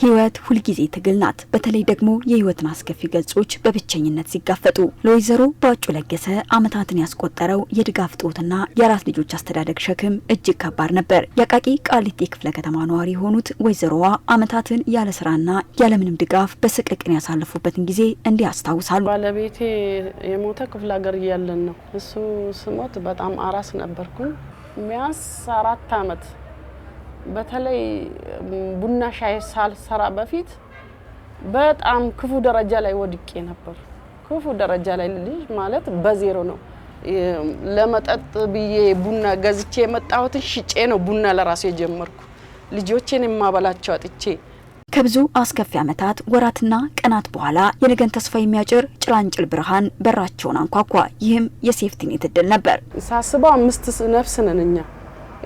ህይወት ሁልጊዜ ትግል ናት። በተለይ ደግሞ የህይወትን አስከፊ ገጾች በብቸኝነት ሲጋፈጡ ለወይዘሮ ባጩ ለገሰ አመታትን ያስቆጠረው የድጋፍ ጦትና የአራት ልጆች አስተዳደግ ሸክም እጅግ ከባድ ነበር። የአቃቂ ቃሊቴ ክፍለ ከተማ ነዋሪ የሆኑት ወይዘሮዋ አመታትን ያለ ስራና ያለምንም ድጋፍ በስቅቅን ያሳለፉበትን ጊዜ እንዲህ አስታውሳሉ። ባለቤቴ የሞተ ክፍለ ሀገር እያለን ነው። እሱ ስሞት በጣም አራስ ነበርኩኝ ቢያንስ አራት አመት በተለይ ቡና ሻይ ሳልሰራ በፊት በጣም ክፉ ደረጃ ላይ ወድቄ ነበር። ክፉ ደረጃ ላይ ልጅ ማለት በዜሮ ነው። ለመጠጥ ብዬ ቡና ገዝቼ የመጣሁትን ሽጬ ነው ቡና ለራሱ የጀመርኩ ልጆቼን የማበላቸው አጥቼ ከብዙ አስከፊ ዓመታት ወራትና ቀናት በኋላ የነገን ተስፋ የሚያጭር ጭላንጭል ብርሃን በራቸውን አንኳኳ። ይህም የሴፍቲኔት እድል ነበር። ሳስበው አምስት ነፍስ ነን እኛ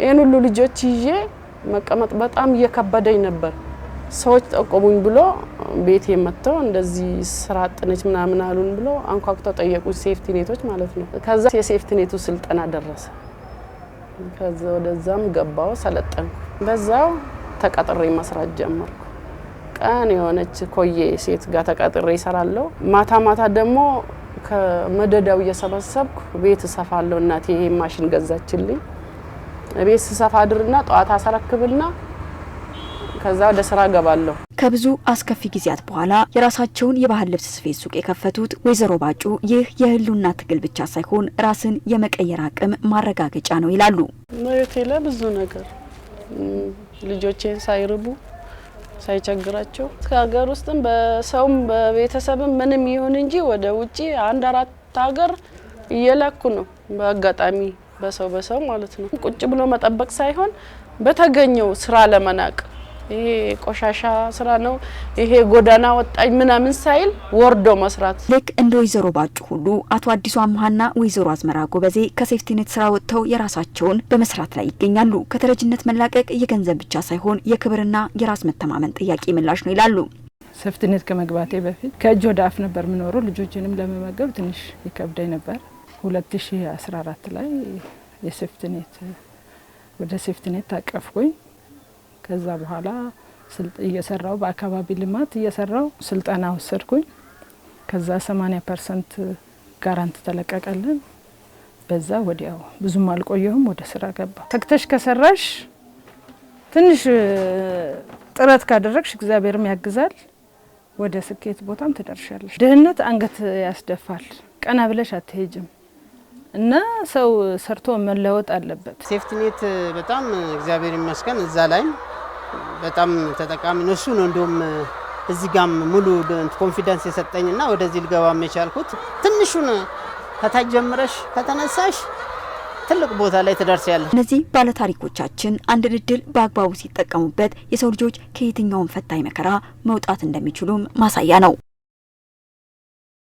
ይህን ሁሉ ልጆች ይዤ መቀመጥ በጣም እየከበደኝ ነበር። ሰዎች ጠቆሙኝ ብሎ ቤት የመጥተው እንደዚህ ስራ አጥነች ምናምን አሉን ብሎ አንኳኩተው ጠየቁኝ። ሴፍቲ ኔቶች ማለት ነው። ከዛ የሴፍቲ ኔቱ ስልጠና ደረሰ። ከዛ ወደዛም ገባው ሰለጠንኩ። በዛው ተቀጥሬ መስራት ጀመርኩ። ቀን የሆነች ኮዬ ሴት ጋር ተቀጥሬ ይሰራለሁ። ማታ ማታ ደግሞ ከመደዳው እየሰበሰብኩ ቤት እሰፋለሁ። እናቴ ይሄ ማሽን ገዛችልኝ። ቤት ስሰፋ አድርና ጠዋት አሰረክብና ከዛ ወደ ስራ ገባለሁ። ከብዙ አስከፊ ጊዜያት በኋላ የራሳቸውን የባህል ልብስ ስፌት ሱቅ የከፈቱት ወይዘሮ ባጩ ይህ የህልውና ትግል ብቻ ሳይሆን ራስን የመቀየር አቅም ማረጋገጫ ነው ይላሉ። መሬቴ ብዙ ነገር ልጆቼን ሳይርቡ ሳይቸግራቸው ከሀገር ውስጥም በሰውም በቤተሰብም ምንም ይሁን እንጂ ወደ ውጭ አንድ አራት ሀገር እየላኩ ነው በአጋጣሚ በሰው በሰው ማለት ነው። ቁጭ ብሎ መጠበቅ ሳይሆን በተገኘው ስራ ለመናቅ ይሄ ቆሻሻ ስራ ነው፣ ይሄ ጎዳና ወጣኝ ምናምን ሳይል ወርዶ መስራት። ልክ እንደ ወይዘሮ ባጩ ሁሉ አቶ አዲሱ አምሀና ወይዘሮ አዝመራ ጎበዜ ከሴፍቲኔት ስራ ወጥተው የራሳቸውን በመስራት ላይ ይገኛሉ። ከተረጅነት መላቀቅ የገንዘብ ብቻ ሳይሆን የክብርና የራስ መተማመን ጥያቄ ምላሽ ነው ይላሉ። ሴፍቲኔት ከመግባቴ በፊት ከእጅ ወደ አፍ ነበር የምኖረው። ልጆችንም ለመመገብ ትንሽ ይከብደኝ ነበር። 2014 ላይ የሴፍትኔት ወደ ሴፍትኔት ታቀፍኩኝ። ከዛ በኋላ እየሰራው በአካባቢ ልማት እየሰራው ስልጠና ወሰድኩኝ። ከዛ 8 ፐርሰንት ጋራንት ተለቀቀልን። በዛ ወዲያው ብዙም አልቆየሁም፣ ወደ ስራ ገባ። ተክተሽ ከሰራሽ ትንሽ ጥረት ካደረግሽ እግዚአብሔርም ያግዛል፣ ወደ ስኬት ቦታም ትደርሻለሽ። ድህነት አንገት ያስደፋል። ቀና ብለሽ አትሄጅም። እና ሰው ሰርቶ መለወጥ አለበት። ሴፍቲኔት በጣም እግዚአብሔር ይመስገን እዛ ላይ በጣም ተጠቃሚ ነው። እሱ ነው እንደውም እዚህ ጋም ሙሉ ኮንፊደንስ የሰጠኝ እና ወደዚህ ልገባ የቻልኩት ትንሹን ከታች ጀምረሽ ከተነሳሽ ትልቅ ቦታ ላይ ትደርሳለሽ። እነዚህ ባለታሪኮቻችን አንድን እድል በአግባቡ ሲጠቀሙበት የሰው ልጆች ከየትኛውም ፈታኝ መከራ መውጣት እንደሚችሉም ማሳያ ነው።